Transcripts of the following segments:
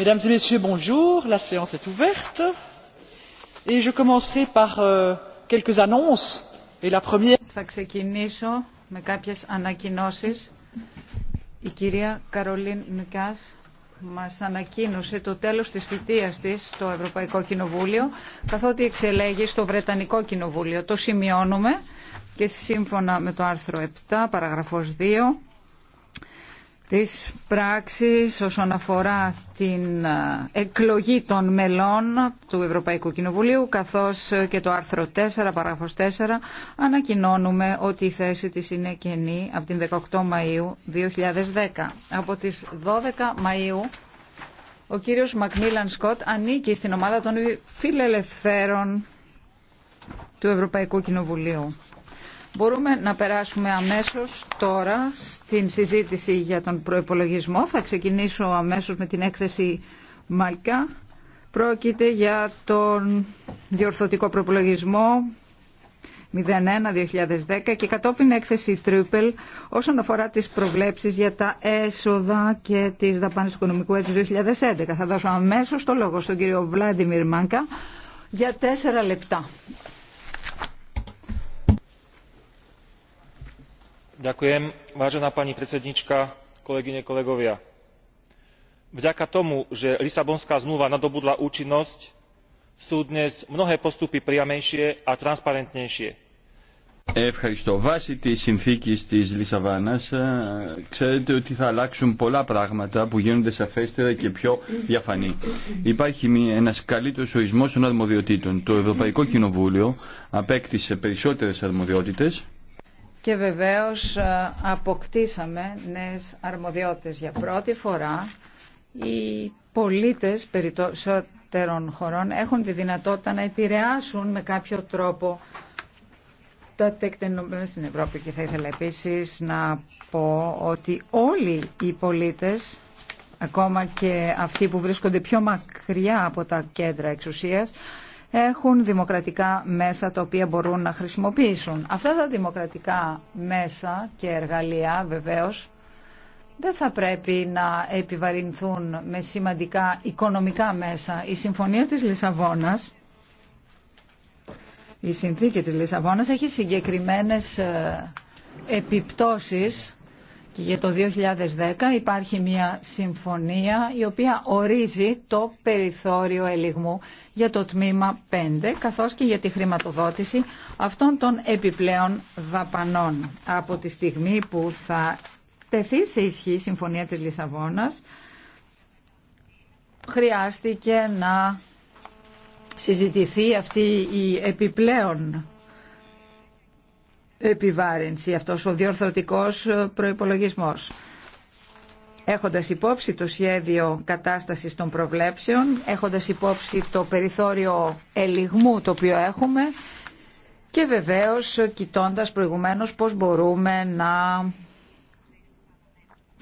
Mesdames et messieurs, bonjour. La séance est ouverte. Et je commencerai par euh, quelques annonces. Et la première... Θα ξεκινήσω με κάποιες ανακοινώσεις. Η κυρία Καρολίν Νουκιάς μας ανακοίνωσε το τέλος της θητείας της στο Ευρωπαϊκό Κοινοβούλιο, καθότι εξελέγει στο Βρετανικό Κοινοβούλιο. Το σημειώνουμε και σύμφωνα με το άρθρο 7, παραγραφός 2, τις πράξεις όσον αφορά την ε, εκλογή των μελών του Ευρωπαϊκού Κοινοβουλίου καθώς και το άρθρο 4, παράγραφος 4 ανακοινώνουμε ότι η θέση της είναι κενή από την 18 Μαΐου 2010. Από τις 12 Μαΐου ο κύριος Μακμίλαν Σκοτ ανήκει στην ομάδα των φιλελευθέρων του Ευρωπαϊκού Κοινοβουλίου. Μπορούμε να περάσουμε αμέσως τώρα στην συζήτηση για τον προϋπολογισμό. Θα ξεκινήσω αμέσως με την έκθεση Μαλκά. Πρόκειται για τον διορθωτικό προϋπολογισμό 01-2010 και κατόπιν έκθεση Τρίπελ όσον αφορά τις προβλέψεις για τα έσοδα και τις δαπάνες του οικονομικού έτους 2011. Θα δώσω αμέσως το λόγο στον κύριο Βλάντιμιρ Μάνκα για τέσσερα λεπτά. Ευχαριστώ. Βάσει τη συνθήκη τη Λισαβόνα, ξέρετε ότι θα αλλάξουν πολλά πράγματα που γίνονται σαφέστερα και πιο διαφανή. Υπάρχει ένα καλύτερο ορισμό των αρμοδιοτήτων. Το Ευρωπαϊκό Κοινοβούλιο απέκτησε περισσότερε αρμοδιότητε και βεβαίως ε, αποκτήσαμε νέες αρμοδιότητες. Για πρώτη φορά οι πολίτες περισσότερων χωρών έχουν τη δυνατότητα να επηρεάσουν με κάποιο τρόπο τα τεκτενόμενα στην Ευρώπη και θα ήθελα επίσης να πω ότι όλοι οι πολίτες ακόμα και αυτοί που βρίσκονται πιο μακριά από τα κέντρα εξουσίας έχουν δημοκρατικά μέσα τα οποία μπορούν να χρησιμοποιήσουν. Αυτά τα δημοκρατικά μέσα και εργαλεία βεβαίως δεν θα πρέπει να επιβαρυνθούν με σημαντικά οικονομικά μέσα. Η Συμφωνία της Λισαβόνας, η Συνθήκη της Λισαβόνας έχει συγκεκριμένες ε, επιπτώσεις και για το 2010 υπάρχει μια συμφωνία η οποία ορίζει το περιθώριο ελιγμού για το τμήμα 5 καθώς και για τη χρηματοδότηση αυτών των επιπλέον δαπανών. Από τη στιγμή που θα τεθεί σε ισχύ η Συμφωνία της Λισαβόνας χρειάστηκε να συζητηθεί αυτή η επιπλέον επιβάρυνση αυτός ο διορθωτικός προϋπολογισμός. Έχοντας υπόψη το σχέδιο κατάστασης των προβλέψεων, έχοντας υπόψη το περιθώριο ελιγμού το οποίο έχουμε και βεβαίως κοιτώντας προηγουμένως πώς μπορούμε να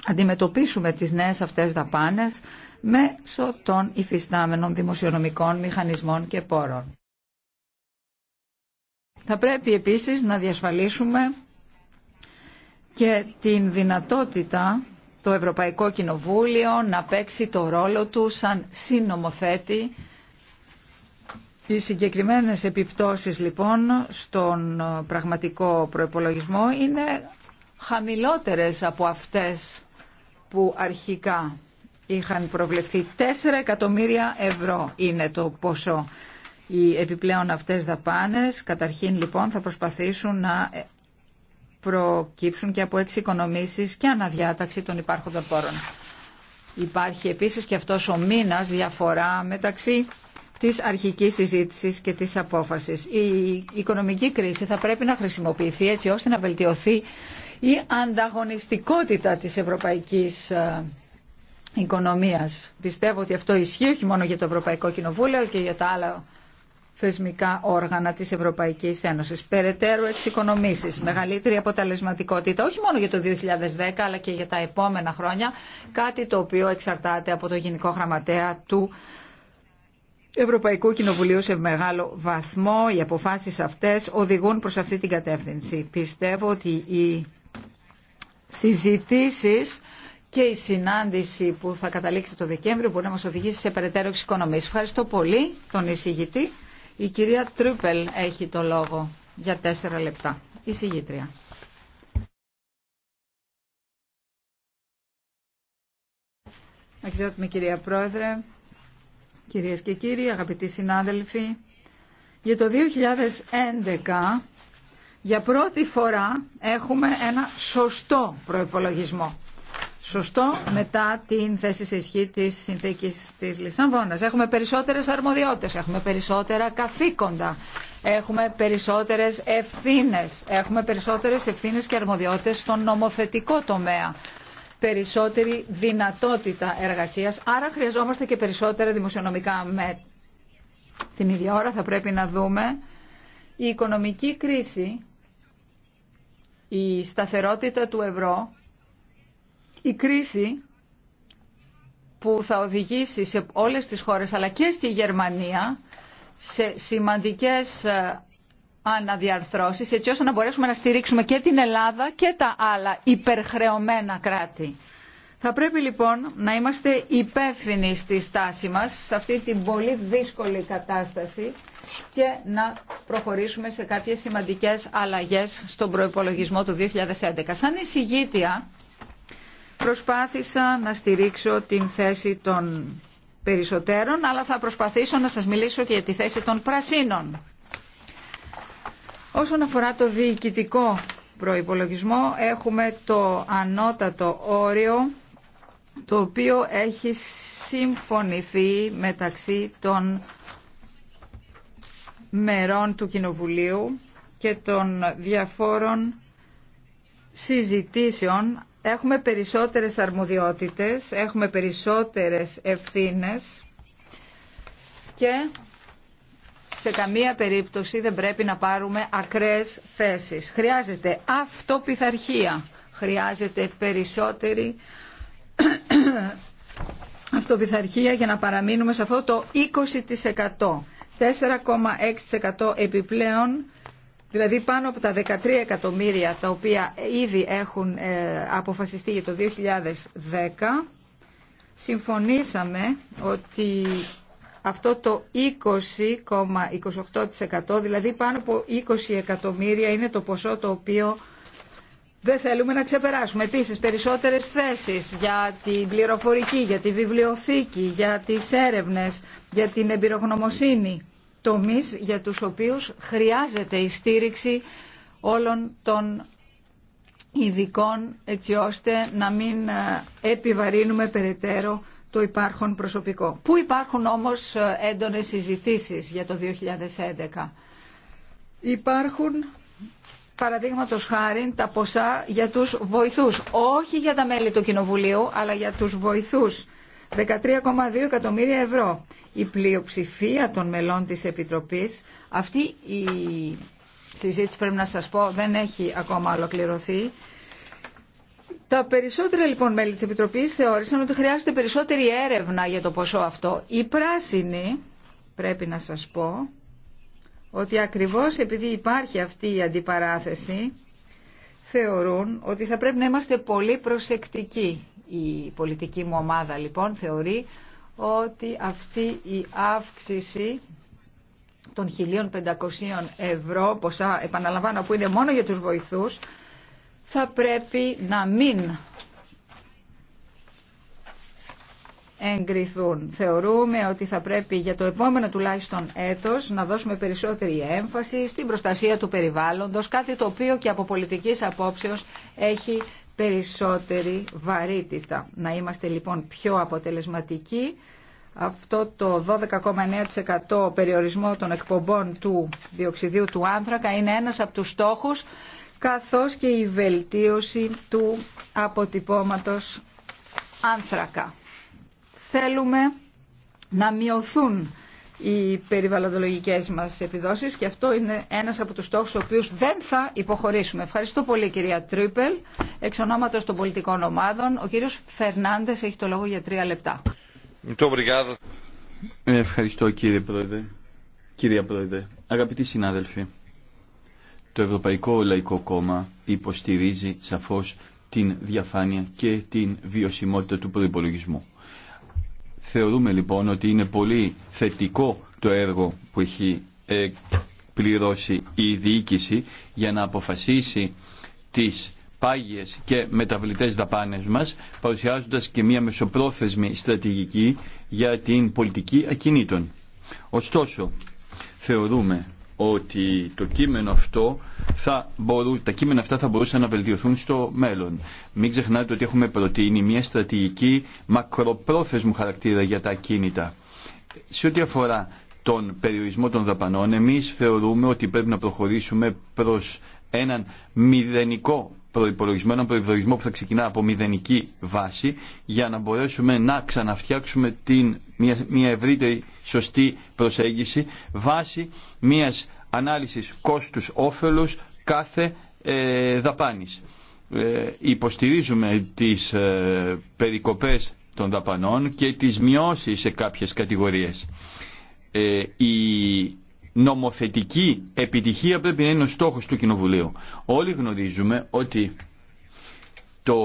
αντιμετωπίσουμε τις νέες αυτές δαπάνες μέσω των υφιστάμενων δημοσιονομικών μηχανισμών και πόρων. Θα πρέπει επίσης να διασφαλίσουμε και την δυνατότητα το Ευρωπαϊκό Κοινοβούλιο να παίξει το ρόλο του σαν συνομοθέτη. Οι συγκεκριμένες επιπτώσεις λοιπόν στον πραγματικό προϋπολογισμό είναι χαμηλότερες από αυτές που αρχικά είχαν προβλεφθεί. 4 εκατομμύρια ευρώ είναι το ποσό οι επιπλέον αυτές δαπάνες. Καταρχήν λοιπόν θα προσπαθήσουν να προκύψουν και από εξοικονομήσεις και αναδιάταξη των υπάρχοντων πόρων. Υπάρχει επίσης και αυτός ο μήνας διαφορά μεταξύ της αρχικής συζήτησης και της απόφασης. Η οικονομική κρίση θα πρέπει να χρησιμοποιηθεί έτσι ώστε να βελτιωθεί η ανταγωνιστικότητα της ευρωπαϊκής ε, οικονομίας. Πιστεύω ότι αυτό ισχύει όχι μόνο για το Ευρωπαϊκό Κοινοβούλιο και για τα άλλα θεσμικά όργανα της Ευρωπαϊκής Ένωσης. Περαιτέρω εξοικονομήσεις, μεγαλύτερη αποτελεσματικότητα, όχι μόνο για το 2010 αλλά και για τα επόμενα χρόνια, κάτι το οποίο εξαρτάται από το Γενικό Γραμματέα του Ευρωπαϊκού Κοινοβουλίου σε μεγάλο βαθμό. Οι αποφάσεις αυτές οδηγούν προς αυτή την κατεύθυνση. Πιστεύω ότι οι συζητήσεις και η συνάντηση που θα καταλήξει το Δεκέμβριο μπορεί να μας οδηγήσει σε περαιτέρω εξοικονομίες. Ευχαριστώ πολύ τον εισηγητή. Η κυρία Τρούπελ έχει το λόγο για τέσσερα λεπτά. Η συγγήτρια. Αξιότιμη κυρία Πρόεδρε, κυρίες και κύριοι, αγαπητοί συνάδελφοι, για το 2011 για πρώτη φορά έχουμε ένα σωστό προϋπολογισμό σωστό μετά την θέση σε ισχύ της συνθήκη τη Λισαβόνα, Έχουμε περισσότερες αρμοδιότητες, έχουμε περισσότερα καθήκοντα, έχουμε περισσότερες ευθύνες, έχουμε περισσότερες ευθύνες και αρμοδιότητες στον νομοθετικό τομέα περισσότερη δυνατότητα εργασίας, άρα χρειαζόμαστε και περισσότερα δημοσιονομικά μέτρα. Την ίδια ώρα θα πρέπει να δούμε η οικονομική κρίση, η σταθερότητα του ευρώ η κρίση που θα οδηγήσει σε όλες τις χώρες αλλά και στη Γερμανία σε σημαντικές ε, αναδιαρθρώσεις έτσι ώστε να μπορέσουμε να στηρίξουμε και την Ελλάδα και τα άλλα υπερχρεωμένα κράτη. Θα πρέπει λοιπόν να είμαστε υπεύθυνοι στη στάση μας σε αυτή την πολύ δύσκολη κατάσταση και να προχωρήσουμε σε κάποιες σημαντικές αλλαγές στον προϋπολογισμό του 2011. Σαν εισηγήτια Προσπάθησα να στηρίξω την θέση των περισσότερων, αλλά θα προσπαθήσω να σας μιλήσω και για τη θέση των πρασίνων. Όσον αφορά το διοικητικό προϋπολογισμό, έχουμε το ανώτατο όριο, το οποίο έχει συμφωνηθεί μεταξύ των μερών του Κοινοβουλίου και των διαφόρων συζητήσεων έχουμε περισσότερες αρμοδιότητες, έχουμε περισσότερες ευθύνες και σε καμία περίπτωση δεν πρέπει να πάρουμε ακραίες θέσεις. Χρειάζεται αυτοπιθαρχία, χρειάζεται περισσότερη αυτοπιθαρχία για να παραμείνουμε σε αυτό το 20%. 4,6% επιπλέον δηλαδή πάνω από τα 13 εκατομμύρια τα οποία ήδη έχουν ε, αποφασιστεί για το 2010, συμφωνήσαμε ότι αυτό το 20,28% δηλαδή πάνω από 20 εκατομμύρια είναι το ποσό το οποίο δεν θέλουμε να ξεπεράσουμε. Επίσης περισσότερες θέσεις για την πληροφορική, για τη βιβλιοθήκη, για τις έρευνες, για την εμπειρογνωμοσύνη τομείς για τους οποίους χρειάζεται η στήριξη όλων των ειδικών έτσι ώστε να μην ε, επιβαρύνουμε περαιτέρω το υπάρχον προσωπικό. Πού υπάρχουν όμως ε, έντονες συζητήσεις για το 2011. Υπάρχουν παραδείγματο χάρη τα ποσά για τους βοηθούς. Όχι για τα μέλη του Κοινοβουλίου, αλλά για τους βοηθούς 13,2 εκατομμύρια ευρώ. Η πλειοψηφία των μελών της Επιτροπής, αυτή η συζήτηση πρέπει να σας πω δεν έχει ακόμα ολοκληρωθεί, τα περισσότερα λοιπόν μέλη της Επιτροπής θεώρησαν ότι χρειάζεται περισσότερη έρευνα για το ποσό αυτό. Οι πράσινοι, πρέπει να σας πω, ότι ακριβώς επειδή υπάρχει αυτή η αντιπαράθεση, θεωρούν ότι θα πρέπει να είμαστε πολύ προσεκτικοί η πολιτική μου ομάδα λοιπόν θεωρεί ότι αυτή η αύξηση των 1.500 ευρώ, ποσά επαναλαμβάνω που είναι μόνο για τους βοηθούς, θα πρέπει να μην εγκριθούν. Θεωρούμε ότι θα πρέπει για το επόμενο τουλάχιστον έτος να δώσουμε περισσότερη έμφαση στην προστασία του περιβάλλοντος, κάτι το οποίο και από πολιτικής απόψεως έχει περισσότερη βαρύτητα. Να είμαστε λοιπόν πιο αποτελεσματικοί. Αυτό το 12,9% περιορισμό των εκπομπών του διοξιδίου του άνθρακα είναι ένας από τους στόχους καθώς και η βελτίωση του αποτυπώματος άνθρακα. Θέλουμε να μειωθούν οι περιβαλλοντολογικές μας επιδόσεις και αυτό είναι ένας από τους στόχους στους οποίους δεν θα υποχωρήσουμε. Ευχαριστώ πολύ κυρία Τρίπελ, εξ ονόματος των πολιτικών ομάδων. Ο κύριος Φερνάντες έχει το λόγο για τρία λεπτά. Ευχαριστώ κύριε Πρόεδρε. Κυρία Πρόεδρε, αγαπητοί συνάδελφοι, το Ευρωπαϊκό Λαϊκό Κόμμα υποστηρίζει σαφώς την διαφάνεια και την βιωσιμότητα του προϋπολογισμού. Θεωρούμε λοιπόν ότι είναι πολύ θετικό το έργο που έχει ε, πληρώσει η διοίκηση για να αποφασίσει τις πάγιες και μεταβλητές δαπάνες μας, παρουσιάζοντας και μια μεσοπρόθεσμη στρατηγική για την πολιτική ακινήτων. Ωστόσο, θεωρούμε ότι το κείμενο αυτό θα μπορού, τα κείμενα αυτά θα μπορούσαν να βελτιωθούν στο μέλλον. Μην ξεχνάτε ότι έχουμε προτείνει μια στρατηγική μακροπρόθεσμου χαρακτήρα για τα ακίνητα. Σε ό,τι αφορά τον περιορισμό των δαπανών, εμείς θεωρούμε ότι πρέπει να προχωρήσουμε προς έναν μηδενικό προπολογισμό, έναν προπολογισμό που θα ξεκινά από μηδενική βάση για να μπορέσουμε να ξαναφτιάξουμε την, μια, μια ευρύτερη σωστή προσέγγιση βάσει μιας ανάλυσης κόστους όφελους κάθε ε, δαπάνης. Ε, υποστηρίζουμε τις ε, περικοπές των δαπανών και τις μειώσεις σε κάποιες κατηγορίες. Ε, η νομοθετική επιτυχία πρέπει να είναι ο στόχος του Κοινοβουλίου. Όλοι γνωρίζουμε ότι το...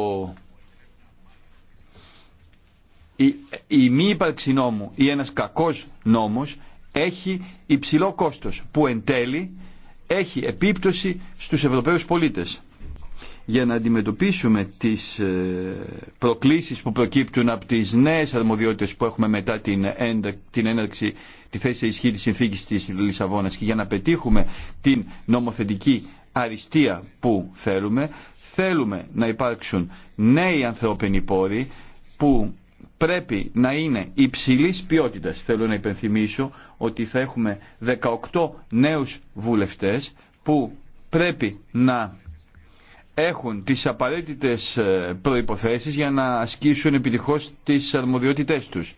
η, η μη ύπαρξη νόμου ή ένας κακός νόμος έχει υψηλό κόστος που εν τέλει έχει επίπτωση στους Ευρωπαίους πολίτες. Για να αντιμετωπίσουμε τις ε, προκλήσεις που προκύπτουν από τις νέες αρμοδιότητες που έχουμε μετά την έναρξη τη θέση σε ισχύ τη συνθήκη της Λισαβόνας και για να πετύχουμε την νομοθετική αριστεία που θέλουμε, θέλουμε να υπάρξουν νέοι ανθρώπινοι πόροι που πρέπει να είναι υψηλή ποιότητα. Θέλω να υπενθυμίσω ότι θα έχουμε 18 νέους βουλευτές που πρέπει να έχουν τις απαραίτητες ε, προϋποθέσεις για να ασκήσουν επιτυχώς τις αρμοδιότητές τους.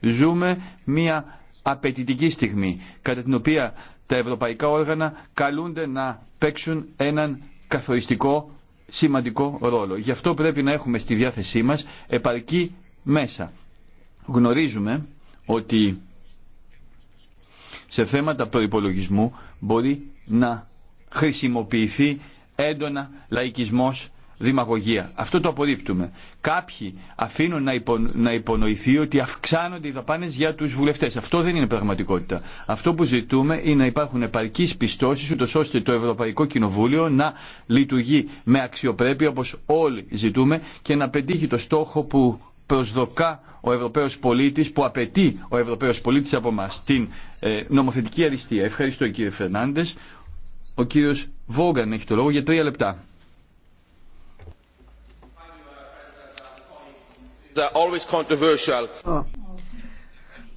Ζούμε μια απαιτητική στιγμή, κατά την οποία τα ευρωπαϊκά όργανα καλούνται να παίξουν έναν καθοριστικό σημαντικό ρόλο. Γι' αυτό πρέπει να έχουμε στη διάθεσή μας επαρκή μέσα. Γνωρίζουμε ότι σε θέματα προϋπολογισμού μπορεί να χρησιμοποιηθεί έντονα λαϊκισμός δημαγωγία. Αυτό το απορρίπτουμε. Κάποιοι αφήνουν να, υπο, να υπονοηθεί ότι αυξάνονται οι δαπάνε για του βουλευτέ. Αυτό δεν είναι πραγματικότητα. Αυτό που ζητούμε είναι να υπάρχουν επαρκεί πιστώσει, ούτω ώστε το Ευρωπαϊκό Κοινοβούλιο να λειτουργεί με αξιοπρέπεια όπω όλοι ζητούμε και να πετύχει το στόχο που προσδοκά ο Ευρωπαίο πολίτη που απαιτεί ο Ευρωπαίος πολίτης από εμά την ε, νομοθετική αριστεία. Ευχαριστώ κύριε Φερνάντε. Ο κύριος Βόγκαν έχει το λόγο για τρία λεπτά.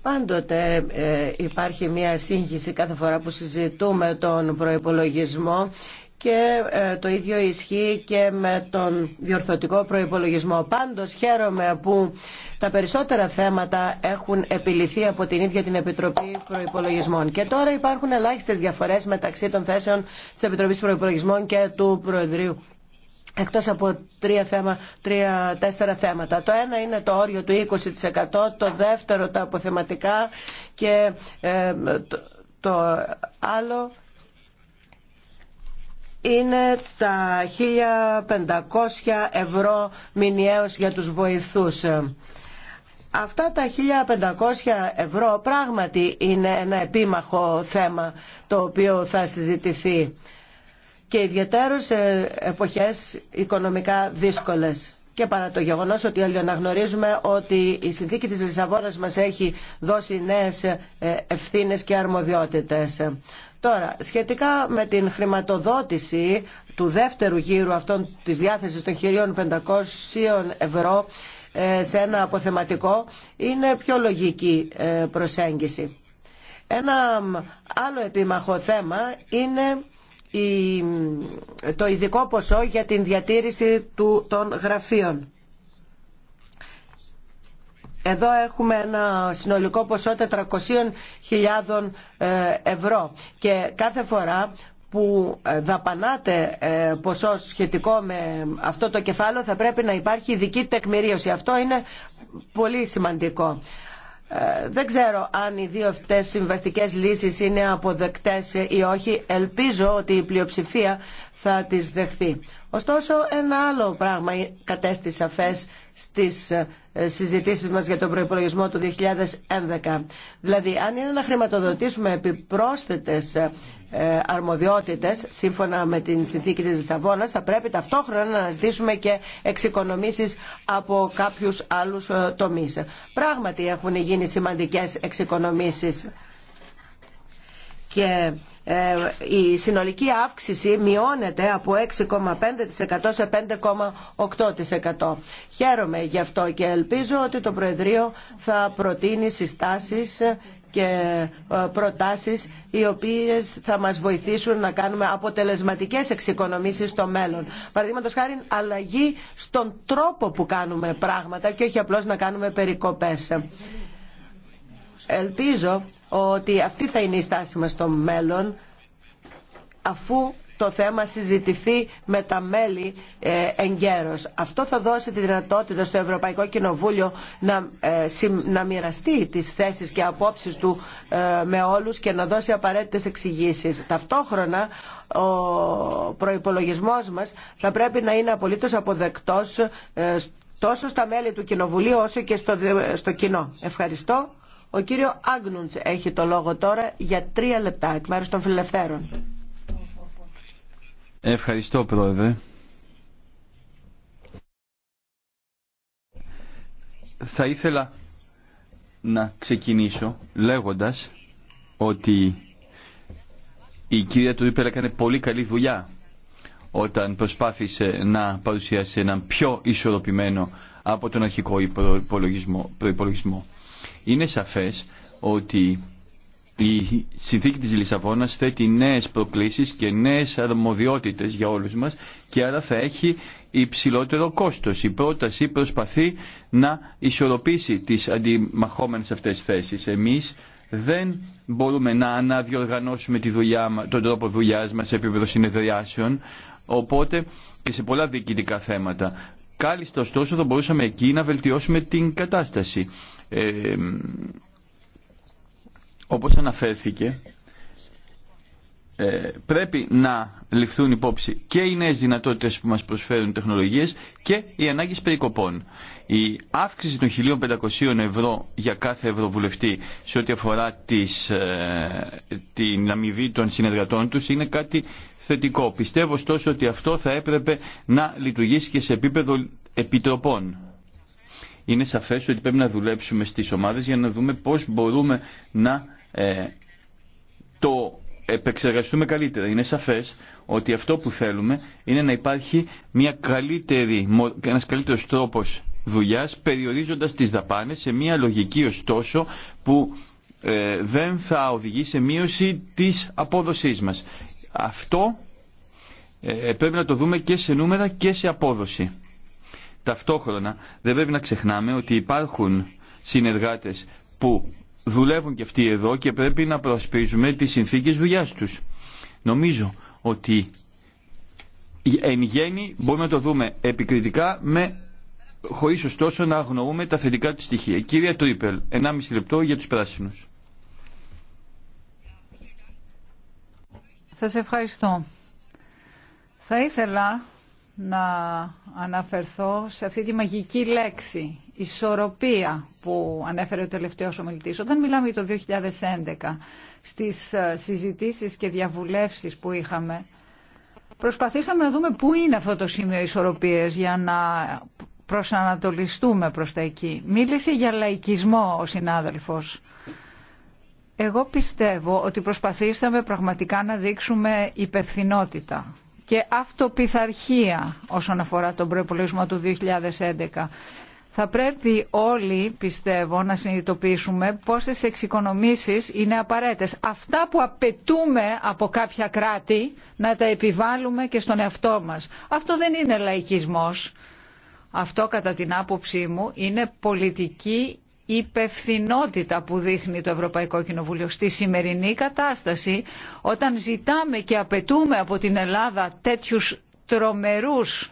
Πάντοτε ε, υπάρχει μια σύγχυση κάθε φορά που συζητούμε τον προϋπολογισμό και ε, το ίδιο ισχύει και με τον διορθωτικό προϋπολογισμό. Πάντως χαίρομαι που τα περισσότερα θέματα έχουν επιληθεί από την ίδια την Επιτροπή Προϋπολογισμών. Και τώρα υπάρχουν ελάχιστες διαφορές μεταξύ των θέσεων της Επιτροπής Προϋπολογισμών και του Προεδρείου εκτός από τρία θέμα, τρία, τέσσερα θέματα. Το ένα είναι το όριο του 20%, το δεύτερο τα αποθεματικά και ε, το, το άλλο είναι τα 1.500 ευρώ μηνιαίως για τους βοηθούς. Αυτά τα 1.500 ευρώ πράγματι είναι ένα επίμαχο θέμα το οποίο θα συζητηθεί και ιδιαίτερω σε εποχές οικονομικά δύσκολες. Και παρά το γεγονός ότι όλοι αναγνωρίζουμε ότι η συνθήκη της Λισαβόνας μας έχει δώσει νέες ε, ευθύνες και αρμοδιότητες. Τώρα, σχετικά με την χρηματοδότηση του δεύτερου γύρου αυτών της διάθεσης των 1.500 ευρώ ε, σε ένα αποθεματικό είναι πιο λογική ε, προσέγγιση. Ένα άλλο επίμαχο θέμα είναι το ειδικό ποσό για την διατήρηση του, των γραφείων. Εδώ έχουμε ένα συνολικό ποσό 400.000 ε, ευρώ και κάθε φορά που ε, δαπανάτε ε, ποσό σχετικό με αυτό το κεφάλαιο θα πρέπει να υπάρχει ειδική τεκμηρίωση. Αυτό είναι πολύ σημαντικό. Ε, δεν ξέρω αν οι δύο αυτές συμβαστικές λύσεις είναι αποδεκτές ή όχι. Ελπίζω ότι η πλειοψηφία θα τις δεχθεί. Ωστόσο, ένα άλλο πράγμα κατέστη σαφές στις ε, συζητήσεις μας για τον προϋπολογισμό του 2011. Δηλαδή, αν είναι να χρηματοδοτήσουμε επιπρόσθετες ε, αρμοδιότητες, σύμφωνα με την συνθήκη της Λισαβόνας, θα πρέπει ταυτόχρονα να αναζητήσουμε και εξοικονομήσεις από κάποιους άλλους ε, τομείς. Πράγματι έχουν γίνει σημαντικές εξοικονομήσεις και ε, η συνολική αύξηση μειώνεται από 6,5% σε 5,8%. Χαίρομαι γι' αυτό και ελπίζω ότι το Προεδρείο θα προτείνει συστάσεις και ε, προτάσεις οι οποίες θα μας βοηθήσουν να κάνουμε αποτελεσματικές εξοικονομήσεις στο μέλλον. Παραδείγματος χάρη αλλαγή στον τρόπο που κάνουμε πράγματα και όχι απλώς να κάνουμε περικοπές. Ελπίζω ότι αυτή θα είναι η στάση μας στο μέλλον αφού το θέμα συζητηθεί με τα μέλη ε, εγκαίρως. Αυτό θα δώσει τη δυνατότητα στο Ευρωπαϊκό Κοινοβούλιο να ε, μοιραστεί τις θέσεις και απόψεις του ε, με όλους και να δώσει απαραίτητες εξηγήσει. Ταυτόχρονα ο προϋπολογισμός μας θα πρέπει να είναι απολύτως αποδεκτός τόσο στα μέλη του Κοινοβουλίου όσο και στο κοινό. Ευχαριστώ. Ο κύριο Άγνουντς έχει το λόγο τώρα για τρία λεπτά εκ μέρους των φιλελευθέρων. Ευχαριστώ πρόεδρε. Θα ήθελα να ξεκινήσω λέγοντας ότι η κυρία του έκανε πολύ καλή δουλειά όταν προσπάθησε να παρουσιάσει έναν πιο ισορροπημένο από τον αρχικό προπολογισμό. Είναι σαφές ότι η συνθήκη της Λισαβόνας θέτει νέες προκλήσεις και νέες αρμοδιότητες για όλους μας και άρα θα έχει υψηλότερο κόστος. Η πρόταση προσπαθεί να ισορροπήσει τις αντιμαχόμενες αυτές θέσεις. Εμείς δεν μπορούμε να αναδιοργανώσουμε τη δουλειά, τον τρόπο δουλειά μας σε επίπεδο συνεδριάσεων, οπότε και σε πολλά διοικητικά θέματα. Κάλιστα ωστόσο θα μπορούσαμε εκεί να βελτιώσουμε την κατάσταση. Ε, όπως αναφέρθηκε, ε, πρέπει να ληφθούν υπόψη και οι νέες δυνατότητες που μας προσφέρουν οι τεχνολογίες και οι ανάγκες περικοπών. Η αύξηση των 1.500 ευρώ για κάθε ευρωβουλευτή σε ό,τι αφορά τις, ε, την αμοιβή των συνεργατών τους είναι κάτι θετικό. Πιστεύω ωστόσο ότι αυτό θα έπρεπε να λειτουργήσει και σε επίπεδο επιτροπών είναι σαφές ότι πρέπει να δουλέψουμε στις ομάδες για να δούμε πώς μπορούμε να ε, το επεξεργαστούμε καλύτερα. Είναι σαφές ότι αυτό που θέλουμε είναι να υπάρχει μια καλύτερη, ένας καλύτερος τρόπος δουλειάς περιορίζοντας τις δαπάνες σε μια λογική ωστόσο που ε, δεν θα οδηγεί σε μείωση της απόδοσής μας. Αυτό ε, πρέπει να το δούμε και σε νούμερα και σε απόδοση. Ταυτόχρονα δεν πρέπει να ξεχνάμε ότι υπάρχουν συνεργάτες που δουλεύουν και αυτοί εδώ και πρέπει να προσπίζουμε τις συνθήκες δουλειά τους. Νομίζω ότι εν γέννη μπορούμε να το δούμε επικριτικά με χωρίς ωστόσο να αγνοούμε τα θετικά του στοιχεία. Κυρία Τρίπελ, 1,5 λεπτό για τους πράσινους. Σας ευχαριστώ. Θα ήθελα να αναφερθώ σε αυτή τη μαγική λέξη, ισορροπία που ανέφερε ο τελευταίος ομιλητής. Όταν μιλάμε για το 2011, στις ε, συζητήσεις και διαβουλεύσεις που είχαμε, προσπαθήσαμε να δούμε πού είναι αυτό το σημείο ισορροπίες για να προσανατολιστούμε προς τα εκεί. Μίλησε για λαϊκισμό ο συνάδελφος. Εγώ πιστεύω ότι προσπαθήσαμε πραγματικά να δείξουμε υπευθυνότητα και αυτοπιθαρχία όσον αφορά τον προϋπολογισμό του 2011. Θα πρέπει όλοι, πιστεύω, να συνειδητοποιήσουμε πόσες εξοικονομήσεις είναι απαραίτητες. Αυτά που απαιτούμε από κάποια κράτη να τα επιβάλλουμε και στον εαυτό μας. Αυτό δεν είναι λαϊκισμός. Αυτό κατά την άποψή μου είναι πολιτική υπευθυνότητα που δείχνει το Ευρωπαϊκό Κοινοβούλιο στη σημερινή κατάσταση όταν ζητάμε και απαιτούμε από την Ελλάδα τέτοιους τρομερούς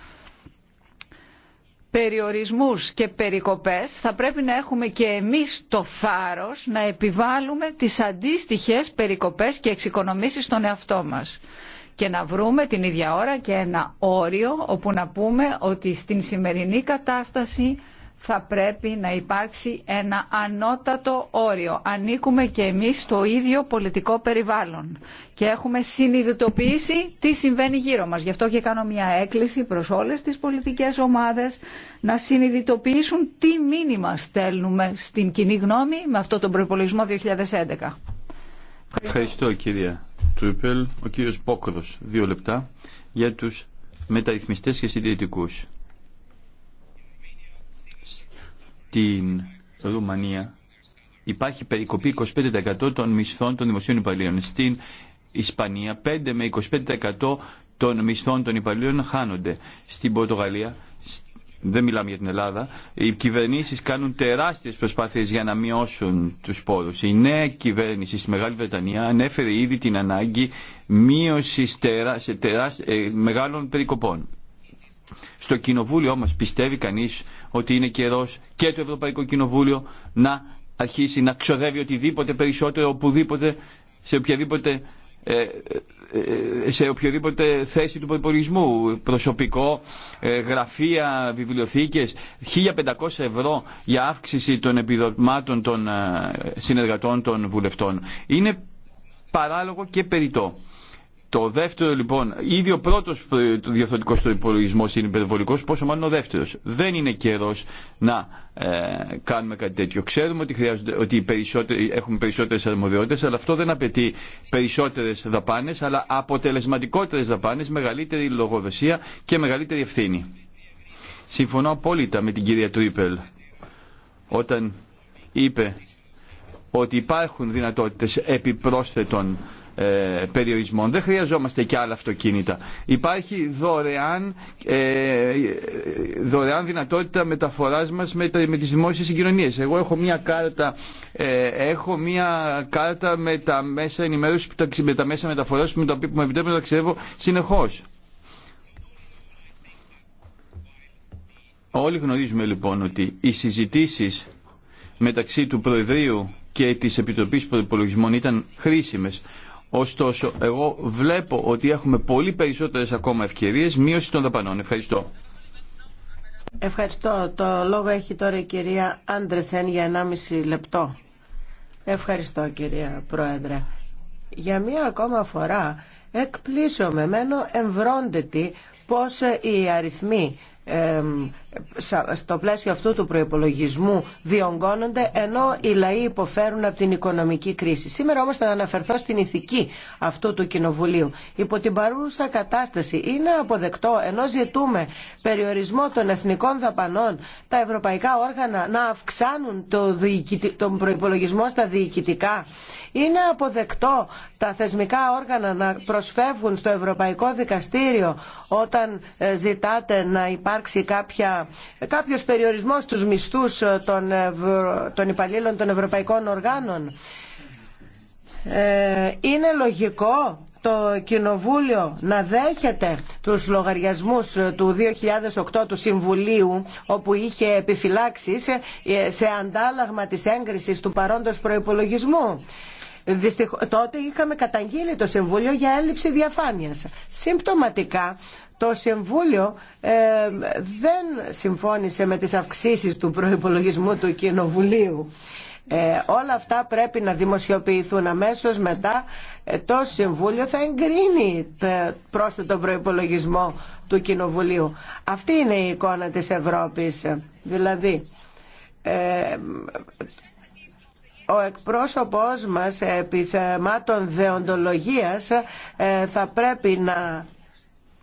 περιορισμούς και περικοπές θα πρέπει να έχουμε και εμείς το θάρρος να επιβάλλουμε τις αντίστοιχες περικοπές και εξοικονομήσεις στον εαυτό μας και να βρούμε την ίδια ώρα και ένα όριο όπου να πούμε ότι στην σημερινή κατάσταση θα πρέπει να υπάρξει ένα ανώτατο όριο. Ανήκουμε και εμείς στο ίδιο πολιτικό περιβάλλον και έχουμε συνειδητοποιήσει τι συμβαίνει γύρω μας. Γι' αυτό και κάνω μια έκκληση προς όλες τις πολιτικές ομάδες να συνειδητοποιήσουν τι μήνυμα στέλνουμε στην κοινή γνώμη με αυτό τον προπολογισμό 2011. Ευχαριστώ κύριε Τρούπελ. Ο κύριος Πόκοδος, δύο λεπτά, για τους μεταρρυθμιστές και συντηρητικούς. στην Ρουμανία υπάρχει περικοπή 25% των μισθών των δημοσίων υπαλλήλων. Στην Ισπανία 5 με 25% των μισθών των υπαλλήλων χάνονται. Στην Πορτογαλία, δεν μιλάμε για την Ελλάδα, οι κυβερνήσεις κάνουν τεράστιες προσπάθειες για να μειώσουν τους πόρους. Η νέα κυβέρνηση στη Μεγάλη Βρετανία ανέφερε ήδη την ανάγκη μείωση ε, μεγάλων περικοπών. Στο κοινοβούλιο όμως πιστεύει κανείς ότι είναι καιρό και το Ευρωπαϊκό Κοινοβούλιο να αρχίσει να ξοδεύει οτιδήποτε περισσότερο οπουδήποτε σε οποιαδήποτε ε, ε, σε οποιοδήποτε θέση του προπολογισμού, προσωπικό, ε, γραφεία, βιβλιοθήκες, 1.500 ευρώ για αύξηση των επιδοτμάτων των συνεργατών των βουλευτών. Είναι παράλογο και περιττό. Το δεύτερο λοιπόν, ήδη ο πρώτος ε, διορθωτικός υπολογισμού είναι υπερβολικός, πόσο μάλλον ο δεύτερος. Δεν είναι καιρός να ε, κάνουμε κάτι τέτοιο. Ξέρουμε ότι, χρειάζονται, ότι περισσότεροι, έχουμε περισσότερες αρμοδιότητες, αλλά αυτό δεν απαιτεί περισσότερες δαπάνες, αλλά αποτελεσματικότερες δαπάνες, μεγαλύτερη λογοδοσία και μεγαλύτερη ευθύνη. Συμφωνώ απόλυτα με την κυρία Τρίπελ όταν είπε ότι υπάρχουν δυνατότητες επιπρόσθετων ε, περιορισμών. Δεν χρειαζόμαστε και άλλα αυτοκίνητα. Υπάρχει δωρεάν, ε, δωρεάν δυνατότητα μεταφοράς μας με, με τις δημόσιες συγκοινωνίες. Εγώ έχω μια κάρτα, ε, έχω μια κάρτα με τα μέσα ενημέρωση, με τα μέσα μεταφοράς με τα οποία επιτρέπουν να ταξιδεύω συνεχώς. Όλοι γνωρίζουμε λοιπόν ότι οι συζητήσεις μεταξύ του Προεδρείου και της Επιτροπής Προπολογισμών ήταν χρήσιμες. Ωστόσο, εγώ βλέπω ότι έχουμε πολύ περισσότερες ακόμα ευκαιρίες μείωση των δαπανών. Ευχαριστώ. Ευχαριστώ. Το λόγο έχει τώρα η κυρία Άντρεσεν για 1,5 λεπτό. Ευχαριστώ κυρία Πρόεδρε. Για μία ακόμα φορά με μένω εμβρόντετη πως οι αριθμοί στο πλαίσιο αυτού του προϋπολογισμού διονγκώνονται ενώ οι λαοί υποφέρουν από την οικονομική κρίση. Σήμερα όμως θα αναφερθώ στην ηθική αυτού του Κοινοβουλίου. Υπό την παρούσα κατάσταση είναι αποδεκτό ενώ ζητούμε περιορισμό των εθνικών δαπανών τα ευρωπαϊκά όργανα να αυξάνουν τον προϋπολογισμό στα διοικητικά. Είναι αποδεκτό τα θεσμικά όργανα να προσφεύγουν στο Ευρωπαϊκό Δικαστήριο όταν ε, ζητάτε να υπάρξει κάποια ε, κάποιος περιορισμός στους μισθούς ε, των, ε, των υπαλλήλων των ευρωπαϊκών οργάνων. Είναι λογικό το Κοινοβούλιο να δέχεται τους λογαριασμούς του 2008 του Συμβουλίου όπου είχε επιφυλάξει σε αντάλλαγμα της έγκρισης του παρόντος προϋπολογισμού. Δυστυχώς, τότε είχαμε καταγγείλει το Συμβούλιο για έλλειψη διαφάνειας. Συμπτωματικά το Συμβούλιο ε, δεν συμφώνησε με τις αυξήσεις του προϋπολογισμού του Κοινοβουλίου. Ε, όλα αυτά πρέπει να δημοσιοποιηθούν αμέσως μετά ε, το Συμβούλιο θα εγκρίνει το πρόσθετο προϋπολογισμό του Κοινοβουλίου. Αυτή είναι η εικόνα της Ευρώπης. Δηλαδή, ε, ο εκπρόσωπός μας επιθεμάτων θεμάτων δεοντολογίας ε, θα πρέπει να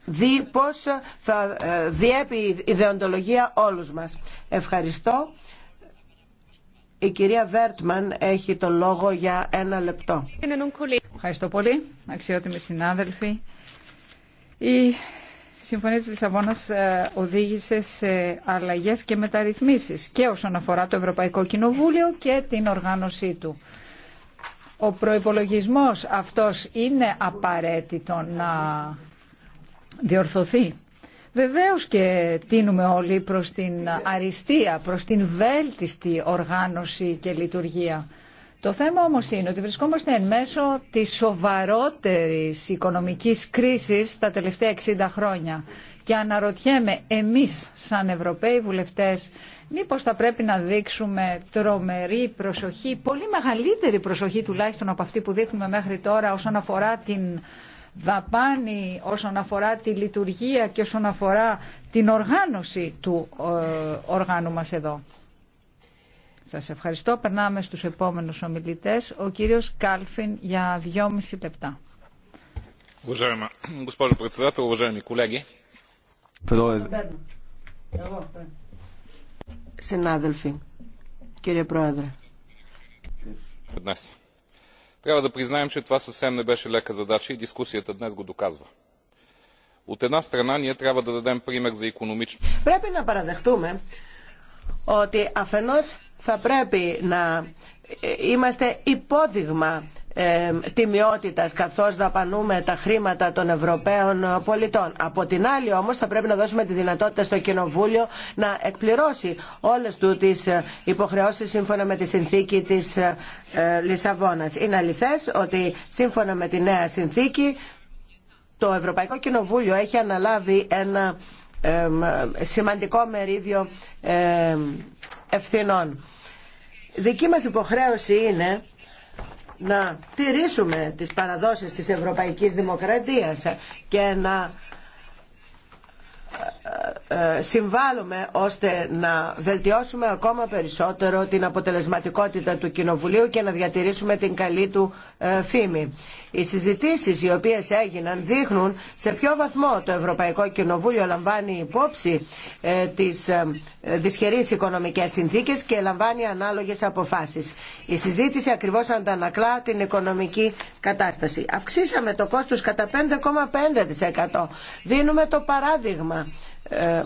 δει πώς θα ε, διέπει η δεοντολογία όλους μας. Ευχαριστώ. Η κυρία Βέρτμαν έχει το λόγο για ένα λεπτό. Ευχαριστώ πολύ, αξιότιμοι συνάδελφοι. Συμφωνία της Λισαβόνας ε, οδήγησε σε αλλαγές και μεταρρυθμίσεις και όσον αφορά το Ευρωπαϊκό Κοινοβούλιο και την οργάνωσή του. Ο προϋπολογισμός αυτός είναι απαραίτητο να διορθωθεί. Βεβαίως και τίνουμε όλοι προς την αριστεία, προς την βέλτιστη οργάνωση και λειτουργία. Το θέμα όμως είναι ότι βρισκόμαστε εν μέσω της σοβαρότερης οικονομικής κρίσης τα τελευταία 60 χρόνια. Και αναρωτιέμαι εμείς σαν Ευρωπαίοι βουλευτές μήπως θα πρέπει να δείξουμε τρομερή προσοχή, πολύ μεγαλύτερη προσοχή τουλάχιστον από αυτή που δείχνουμε μέχρι τώρα όσον αφορά την δαπάνη, όσον αφορά τη λειτουργία και όσον αφορά την οργάνωση του ε, οργάνου μας εδώ. Σας ευχαριστώ. Περνάμε στους επόμενους ομιλητές. Ο κύριος Κάλφιν για δυόμιση λεπτά. Συνάδελφοι, κύριε Πρόεδρε. Трябва да признаем, че това съвсем не беше лека задача и дискусията днес го доказва. От една страна ние трябва да дадем пример за економично. Πρέπει να парадахтуме, ότι афенос θα πρέπει να είμαστε υπόδειγμα ε, τιμιότητας καθώς δαπανούμε τα χρήματα των Ευρωπαίων πολιτών. Από την άλλη όμως θα πρέπει να δώσουμε τη δυνατότητα στο Κοινοβούλιο να εκπληρώσει όλες του τις ε, υποχρεώσεις σύμφωνα με τη συνθήκη της ε, ε, Λισαβόνας. Είναι αληθές ότι σύμφωνα με τη νέα συνθήκη το Ευρωπαϊκό Κοινοβούλιο έχει αναλάβει ένα ε, σημαντικό μερίδιο ευθυνών. Δική μας υποχρέωση είναι να τηρήσουμε τις παραδόσεις της Ευρωπαϊκής Δημοκρατίας και να συμβάλλουμε ώστε να βελτιώσουμε ακόμα περισσότερο την αποτελεσματικότητα του Κοινοβουλίου και να διατηρήσουμε την καλή του ε, φήμη. Οι συζητήσεις οι οποίες έγιναν δείχνουν σε ποιο βαθμό το Ευρωπαϊκό Κοινοβούλιο λαμβάνει υπόψη ε, τι ε, δυσχερείς οικονομικές συνθήκες και λαμβάνει ανάλογες αποφάσεις. Η συζήτηση ακριβώς αντανακλά την οικονομική κατάσταση. Αυξήσαμε το κόστος κατά 5,5%. Δίνουμε το παράδειγμα ε,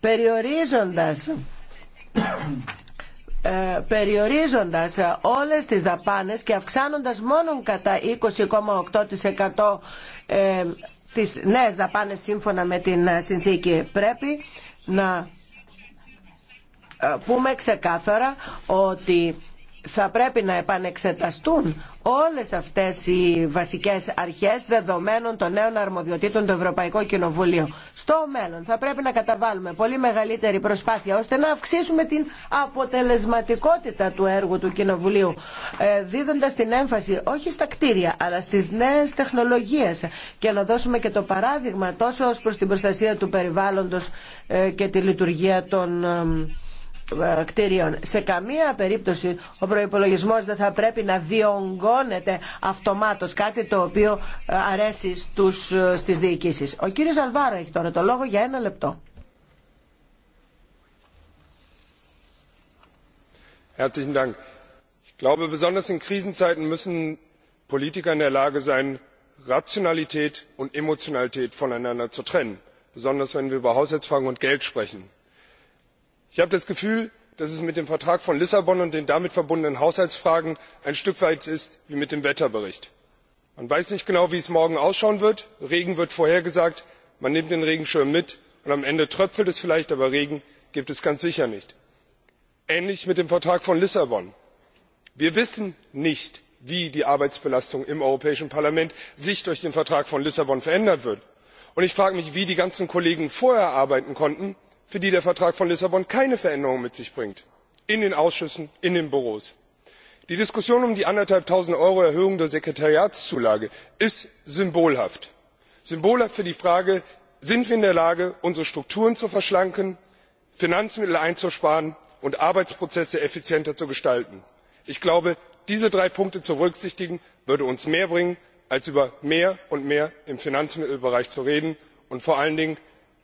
περιορίζοντας ε, περιορίζοντας ε, όλες τις δαπάνες και αυξάνοντας μόνο κατά 20,8% τις νέες δαπάνες σύμφωνα με την συνθήκη. Πρέπει να πούμε ξεκάθαρα ότι θα πρέπει να επανεξεταστούν όλες αυτές οι βασικές αρχές δεδομένων των νέων αρμοδιοτήτων του Ευρωπαϊκού Κοινοβουλίου. Στο μέλλον θα πρέπει να καταβάλουμε πολύ μεγαλύτερη προσπάθεια ώστε να αυξήσουμε την αποτελεσματικότητα του έργου του Κοινοβουλίου ε, δίδοντας την έμφαση όχι στα κτίρια αλλά στις νέες τεχνολογίες και να δώσουμε και το παράδειγμα τόσο ως προς την προστασία του περιβάλλοντος ε, και τη λειτουργία των ε, κτίριων. Σε καμία περίπτωση ο προπολογισμό δεν θα πρέπει να διονγκώνεται αυτομάτω, κάτι το οποίο αρέσει στι στις Ο κύριος Αλβάρο έχει τώρα το λόγο για ένα λεπτό. Herzlichen Dank. Ich glaube, besonders in Krisenzeiten müssen Politiker in der Lage sein, Rationalität und Emotionalität voneinander zu trennen, besonders wenn wir über Haushaltsfragen und Geld sprechen ich habe das gefühl dass es mit dem vertrag von lissabon und den damit verbundenen haushaltsfragen ein stück weit ist wie mit dem wetterbericht man weiß nicht genau wie es morgen ausschauen wird regen wird vorhergesagt man nimmt den regenschirm mit und am ende tröpfelt es vielleicht aber regen gibt es ganz sicher nicht. ähnlich mit dem vertrag von lissabon wir wissen nicht wie die arbeitsbelastung im europäischen parlament sich durch den vertrag von lissabon verändern wird und ich frage mich wie die ganzen kollegen vorher arbeiten konnten für die der vertrag von lissabon keine veränderungen mit sich bringt in den ausschüssen in den büros. die diskussion um die eintausendfünfhundert euro erhöhung der sekretariatszulage ist symbolhaft symbolhaft für die frage sind wir in der lage unsere strukturen zu verschlanken finanzmittel einzusparen und arbeitsprozesse effizienter zu gestalten? ich glaube diese drei punkte zu berücksichtigen würde uns mehr bringen als über mehr und mehr im finanzmittelbereich zu reden und vor allen dingen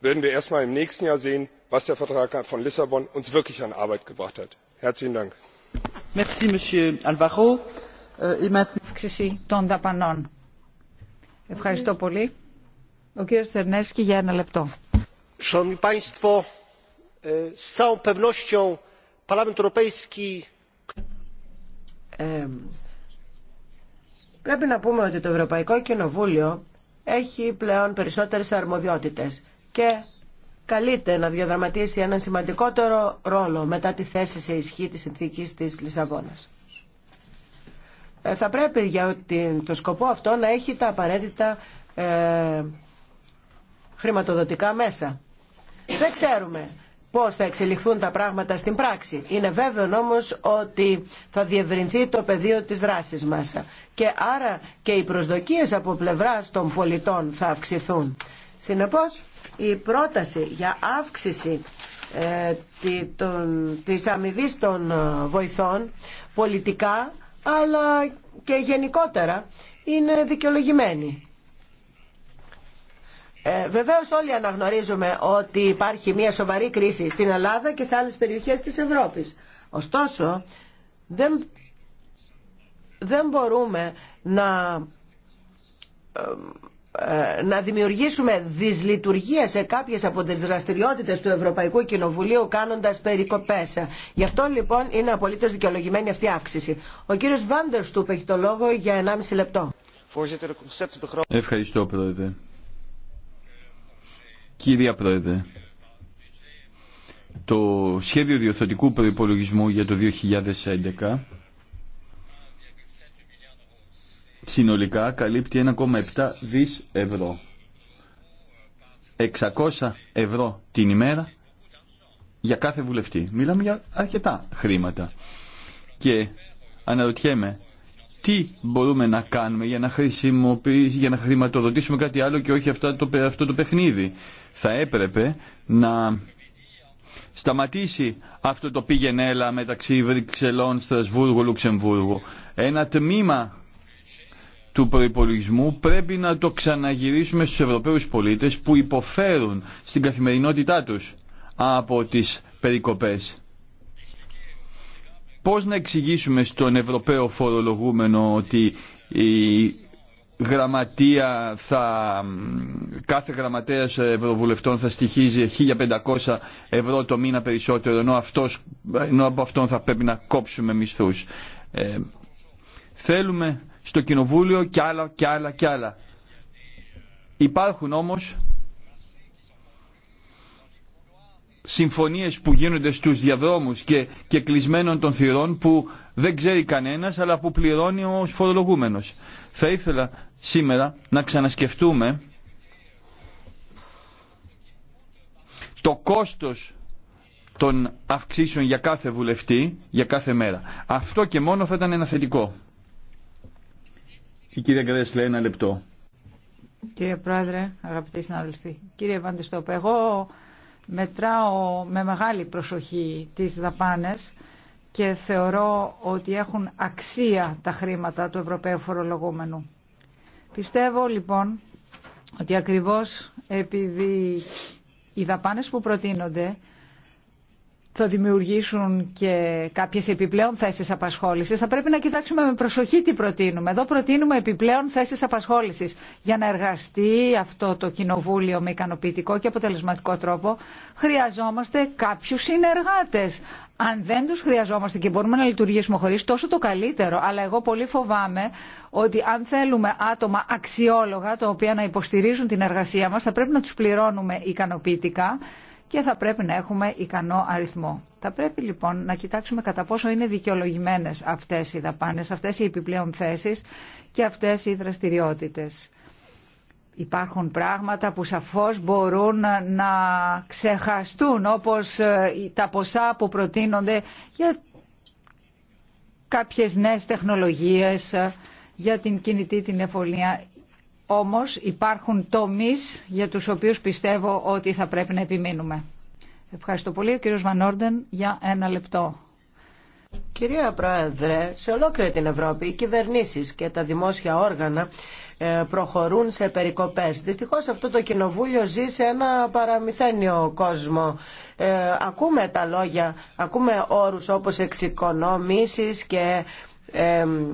werden wir erst einmal im nächsten jahr sehen was der vertrag von lissabon uns wirklich an arbeit gebracht hat. herzlichen dank! z całą pewnością Parlament Europejski... Πρέπει να πούμε ότι το Ευρωπαϊκό Κοινοβούλιο έχει πλέον περισσότερες και καλείται να διαδραματίσει ένα σημαντικότερο ρόλο μετά τη θέση σε ισχύ της συνθήκη της Λισαβόνας. Ε, θα πρέπει για το σκοπό αυτό να έχει τα απαραίτητα ε, χρηματοδοτικά μέσα. Δεν ξέρουμε πώς θα εξελιχθούν τα πράγματα στην πράξη. Είναι βέβαιο όμως ότι θα διευρυνθεί το πεδίο της δράσης μας και άρα και οι προσδοκίες από πλευράς των πολιτών θα αυξηθούν. Συνεπώς, η πρόταση για αύξηση ε, της αμοιβή των ε, βοηθών πολιτικά αλλά και γενικότερα είναι δικαιολογημένη. Ε, βεβαίως όλοι αναγνωρίζουμε ότι υπάρχει μια σοβαρή κρίση στην Ελλάδα και σε άλλες περιοχές της Ευρώπης. Ωστόσο, δεν, δεν μπορούμε να ε, ε, να δημιουργήσουμε δυσλειτουργία σε κάποιες από τις δραστηριότητες του Ευρωπαϊκού Κοινοβουλίου κάνοντας περικοπές. Γι' αυτό λοιπόν είναι απολύτως δικαιολογημένη αυτή η αύξηση. Ο κύριος Βάντερ Στούπ έχει το λόγο για 1,5 λεπτό. Ευχαριστώ Πρόεδρε. Κύριε Πρόεδρε, το σχέδιο διορθωτικού προϋπολογισμού για το 2011 συνολικά καλύπτει 1,7 δις ευρώ. 600 ευρώ την ημέρα για κάθε βουλευτή. Μιλάμε για αρκετά χρήματα. Και αναρωτιέμαι τι μπορούμε να κάνουμε για να, για να χρηματοδοτήσουμε κάτι άλλο και όχι το, αυτό το παιχνίδι. Θα έπρεπε να σταματήσει αυτό το πήγαινέλα μεταξύ Βρυξελών, Στρασβούργου, Λουξεμβούργου. Ένα τμήμα του προπολογισμού πρέπει να το ξαναγυρίσουμε στους Ευρωπαίους πολίτες που υποφέρουν στην καθημερινότητά τους από τις περικοπές. Πώς να εξηγήσουμε στον Ευρωπαίο φορολογούμενο ότι η γραμματεία θα, κάθε γραμματέας ευρωβουλευτών θα στοιχίζει 1500 ευρώ το μήνα περισσότερο ενώ, αυτός, ενώ από αυτόν θα πρέπει να κόψουμε μισθούς. Ε, θέλουμε στο Κοινοβούλιο και άλλα και άλλα και άλλα. Υπάρχουν όμως συμφωνίες που γίνονται στους διαδρόμους και, και κλεισμένων των θυρών που δεν ξέρει κανένας αλλά που πληρώνει ο φορολογούμενος. Θα ήθελα σήμερα να ξανασκεφτούμε το κόστος των αυξήσεων για κάθε βουλευτή, για κάθε μέρα. Αυτό και μόνο θα ήταν ένα θετικό. Η κυρία Γκρέσλε, ένα λεπτό. Κύριε Πρόεδρε, αγαπητοί συναδελφοί. Κύριε Βαντιστόπ, εγώ μετράω με μεγάλη προσοχή τις δαπάνες και θεωρώ ότι έχουν αξία τα χρήματα του Ευρωπαίου Φορολογούμενου. Πιστεύω λοιπόν ότι ακριβώς επειδή οι δαπάνες που προτείνονται θα δημιουργήσουν και κάποιες επιπλέον θέσεις απασχόλησης. Θα πρέπει να κοιτάξουμε με προσοχή τι προτείνουμε. Εδώ προτείνουμε επιπλέον θέσεις απασχόλησης για να εργαστεί αυτό το κοινοβούλιο με ικανοποιητικό και αποτελεσματικό τρόπο. Χρειαζόμαστε κάποιους συνεργάτες. Αν δεν τους χρειαζόμαστε και μπορούμε να λειτουργήσουμε χωρίς, τόσο το καλύτερο. Αλλά εγώ πολύ φοβάμαι ότι αν θέλουμε άτομα αξιόλογα, τα οποία να υποστηρίζουν την εργασία μας, θα πρέπει να τους πληρώνουμε ικανοποιητικά και θα πρέπει να έχουμε ικανό αριθμό. Θα πρέπει λοιπόν να κοιτάξουμε κατά πόσο είναι δικαιολογημένε αυτές οι δαπάνες, αυτές οι επιπλέον θέσει και αυτές οι δραστηριότητε. Υπάρχουν πράγματα που σαφώς μπορούν να ξεχαστούν όπως ε, τα ποσά που προτείνονται για κάποιες νέες τεχνολογίες, ε, για την κινητή την εφολία. Όμως υπάρχουν τομείς για τους οποίους πιστεύω ότι θα πρέπει να επιμείνουμε. Ευχαριστώ πολύ. Ο κύριος Βανόρντεν για ένα λεπτό. Κυρία Πρόεδρε, σε ολόκληρη την Ευρώπη οι κυβερνήσεις και τα δημόσια όργανα ε, προχωρούν σε περικοπές. Δυστυχώς αυτό το κοινοβούλιο ζει σε ένα παραμυθένιο κόσμο. Ε, ακούμε τα λόγια, ακούμε όρους όπως εξοικονόμησης και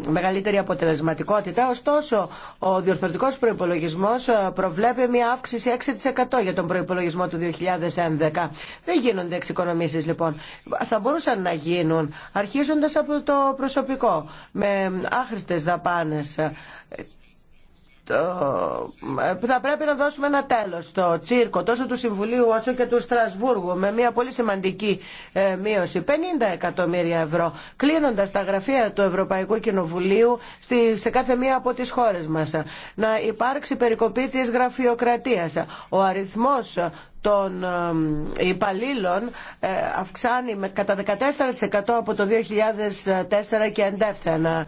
μεγαλύτερη αποτελεσματικότητα. Ωστόσο, ο διορθωτικός προπολογισμό ε, προβλέπει μια αύξηση 6% για τον προπολογισμό του 2011. Δεν γίνονται εξοικονομήσει λοιπόν. Θα μπορούσαν να γίνουν αρχίζοντα από το προσωπικό με άχρηστε δαπάνε. Ε, θα πρέπει να δώσουμε ένα τέλος στο τσίρκο τόσο του Συμβουλίου όσο και του Στρασβούργου με μια πολύ σημαντική ε, μείωση 50 εκατομμύρια ευρώ κλείνοντας τα γραφεία του Ευρωπαϊκού Κοινοβουλίου σε κάθε μία από τις χώρες μας να υπάρξει περικοπή της γραφειοκρατίας ο αριθμός των ε, υπαλλήλων αυξάνει κατά 14% από το 2004 και εντεύθυνα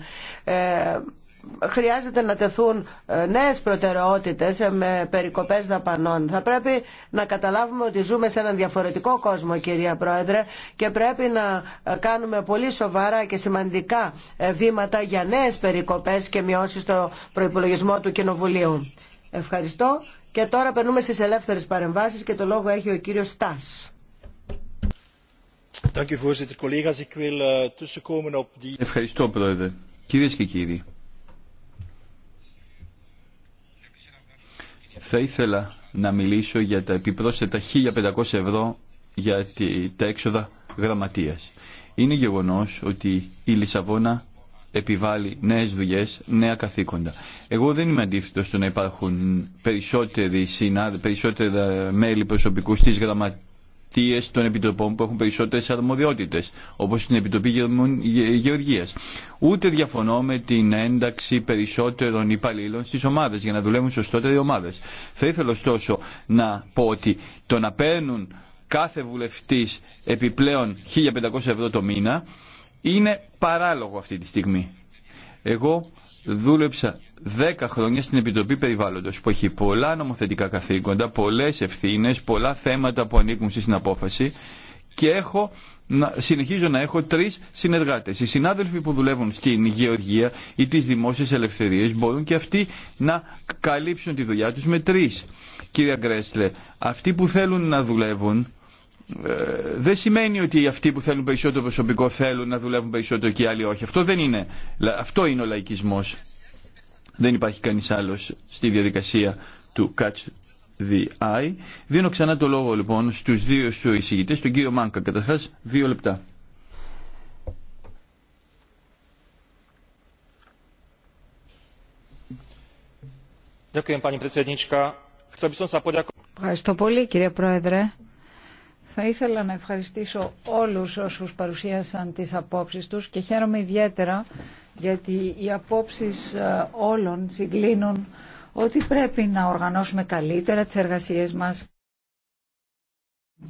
χρειάζεται να τεθούν ε, νέες προτεραιότητες ε, με περικοπές δαπανών. Θα πρέπει να καταλάβουμε ότι ζούμε σε έναν διαφορετικό κόσμο κυρία Πρόεδρε και πρέπει να ε, κάνουμε πολύ σοβαρά και σημαντικά βήματα για νέες περικοπές και μειώσεις στο προϋπολογισμό του Κοινοβουλίου. Ευχαριστώ και τώρα περνούμε στις ελεύθερες παρεμβάσεις και το λόγο έχει ο κύριος Στάς. Eh, Ευχαριστώ Πρόεδρε. Κυρίες και κύριοι Θα ήθελα να μιλήσω για τα επιπρόσθετα 1.500 ευρώ για τα έξοδα γραμματείας. Είναι γεγονός ότι η Λισαβόνα επιβάλλει νέες δουλειές, νέα καθήκοντα. Εγώ δεν είμαι αντίθετο στο να υπάρχουν περισσότεροι περισσότερα μέλη προσωπικού στις γραμματείες των επιτροπών που έχουν περισσότερες αρμοδιότητες, όπως την Επιτροπή Γεωργίας. Ούτε διαφωνώ με την ένταξη περισσότερων υπαλλήλων στις ομάδες, για να δουλεύουν σωστότερα οι ομάδες. Θα ήθελα ωστόσο να πω ότι το να παίρνουν κάθε βουλευτής επιπλέον 1500 ευρώ το μήνα είναι παράλογο αυτή τη στιγμή. Εγώ δούλεψα 10 χρόνια στην Επιτροπή Περιβάλλοντος που έχει πολλά νομοθετικά καθήκοντα, πολλές ευθύνες, πολλά θέματα που ανήκουν στην απόφαση και έχω να, συνεχίζω να έχω τρεις συνεργάτες. Οι συνάδελφοι που δουλεύουν στην γεωργία ή τις δημόσιες ελευθερίες μπορούν και αυτοί να καλύψουν τη δουλειά τους με τρεις. Κύριε Γκρέσλε, αυτοί που θέλουν να δουλεύουν ε, δεν σημαίνει ότι αυτοί που θέλουν περισσότερο προσωπικό θέλουν να δουλεύουν περισσότερο και οι άλλοι όχι. Αυτό δεν είναι. Αυτό είναι ο λαϊκισμός δεν υπάρχει κανείς άλλος στη διαδικασία του Catch the Eye. Δίνω ξανά το λόγο λοιπόν στους δύο σου εισηγητές, τον κύριο Μάνκα. Καταρχάς, δύο λεπτά. Ευχαριστώ πολύ κύριε Πρόεδρε. Θα ήθελα να ευχαριστήσω όλους όσους παρουσίασαν τις απόψεις τους και χαίρομαι ιδιαίτερα γιατί οι απόψεις ε, όλων συγκλίνουν ότι πρέπει να οργανώσουμε καλύτερα τις εργασίες μας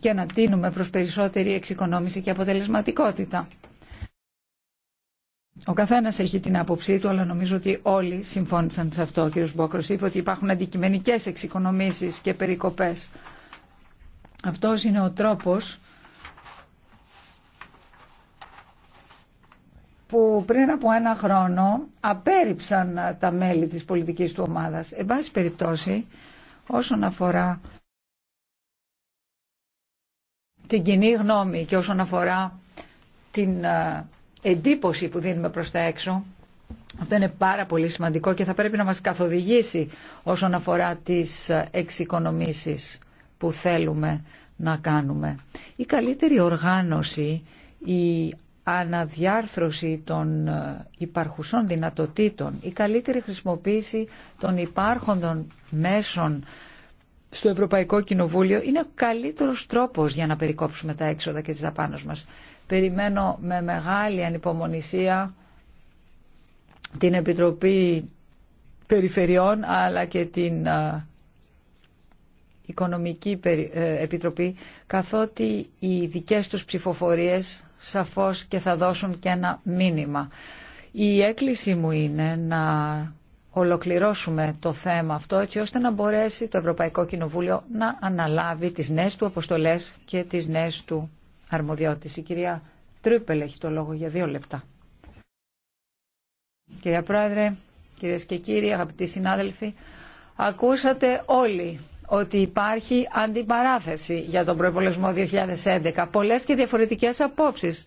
και να τίνουμε προς περισσότερη εξοικονόμηση και αποτελεσματικότητα. Ο καθένας έχει την άποψή του, αλλά νομίζω ότι όλοι συμφώνησαν σε αυτό. Ο κ. Μπόκρος είπε ότι υπάρχουν αντικειμενικές εξοικονομήσεις και περικοπές. Αυτός είναι ο τρόπος που πριν από ένα χρόνο απέρριψαν ε, τα μέλη της πολιτικής του ομάδας. Εν πάση περιπτώσει, όσον αφορά την κοινή γνώμη και όσον αφορά την ε, εντύπωση που δίνουμε προς τα έξω, αυτό είναι πάρα πολύ σημαντικό και θα πρέπει να μας καθοδηγήσει όσον αφορά τις ε, εξοικονομήσεις που θέλουμε να κάνουμε. Η καλύτερη οργάνωση, η αναδιάρθρωση των ε, υπαρχουσών δυνατοτήτων, η καλύτερη χρησιμοποίηση των υπάρχοντων μέσων στο Ευρωπαϊκό Κοινοβούλιο είναι ο καλύτερος τρόπος για να περικόψουμε τα έξοδα και τις δαπάνες μας. Περιμένω με μεγάλη ανυπομονησία την Επιτροπή Περιφερειών αλλά και την ε, Οικονομική ε, Επιτροπή, καθότι οι δικές τους ψηφοφορίες σαφώς και θα δώσουν και ένα μήνυμα. Η έκκληση μου είναι να ολοκληρώσουμε το θέμα αυτό έτσι ώστε να μπορέσει το Ευρωπαϊκό Κοινοβούλιο να αναλάβει τις νέες του αποστολές και τις νέες του αρμοδιότητες. Η κυρία Τρίπελ έχει το λόγο για δύο λεπτά. Κυρία Πρόεδρε, κυρίες και κύριοι, αγαπητοί συνάδελφοι, ακούσατε όλοι ότι υπάρχει αντιπαράθεση για τον προεπολεσμό 2011. Πολλές και διαφορετικές απόψεις.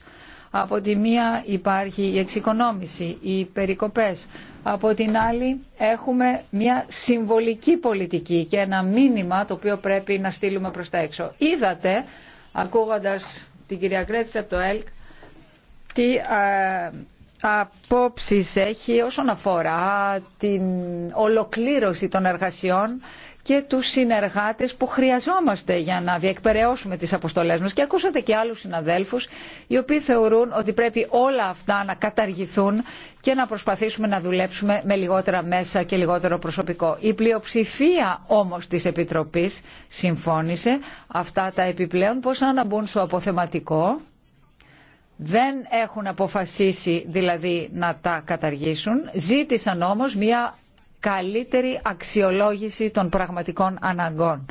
Από τη μία υπάρχει η εξοικονόμηση, οι περικοπές. Από την άλλη έχουμε μια συμβολική πολιτική και ένα μήνυμα το οποίο πρέπει να στείλουμε προς τα έξω. Είδατε, ακούγοντας την κυρία Κρέτσι το ΕΛΚ, τι ε, απόψεις έχει όσον αφορά την ολοκλήρωση των εργασιών και τους συνεργάτες που χρειαζόμαστε για να διεκπαιρεώσουμε τις αποστολές μας. Και ακούσατε και άλλους συναδέλφους οι οποίοι θεωρούν ότι πρέπει όλα αυτά να καταργηθούν και να προσπαθήσουμε να δουλέψουμε με λιγότερα μέσα και λιγότερο προσωπικό. Η πλειοψηφία όμως της Επιτροπής συμφώνησε αυτά τα επιπλέον πώς να μπουν στο αποθεματικό δεν έχουν αποφασίσει δηλαδή να τα καταργήσουν, ζήτησαν όμως μια καλύτερη αξιολόγηση των πραγματικών αναγκών.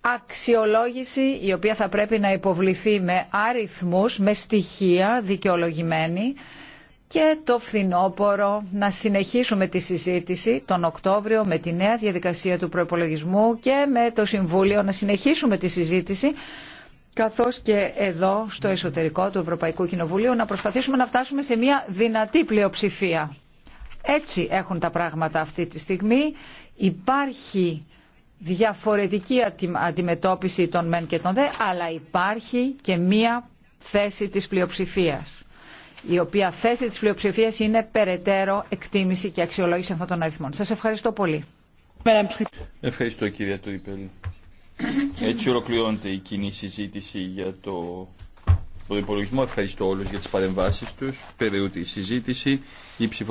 Αξιολόγηση η οποία θα πρέπει να υποβληθεί με αριθμούς, με στοιχεία δικαιολογημένη και το φθινόπωρο να συνεχίσουμε τη συζήτηση τον Οκτώβριο με τη νέα διαδικασία του προπολογισμού και με το Συμβούλιο να συνεχίσουμε τη συζήτηση καθώς και εδώ στο εσωτερικό του Ευρωπαϊκού Κοινοβουλίου να προσπαθήσουμε να φτάσουμε σε μια δυνατή πλειοψηφία. Έτσι έχουν τα πράγματα αυτή τη στιγμή. Υπάρχει διαφορετική αντιμετώπιση των μεν και των δε, αλλά υπάρχει και μία θέση της πλειοψηφίας η οποία θέση της πλειοψηφίας είναι περαιτέρω εκτίμηση και αξιολόγηση αυτών των αριθμών. Σας ευχαριστώ πολύ. Ευχαριστώ κυρία Τρίπελ. Έτσι ολοκληρώνεται η κοινή συζήτηση για το προϋπολογισμό. Ευχαριστώ όλους για τις παρεμβάσεις τους. περίπου η συζήτηση. Η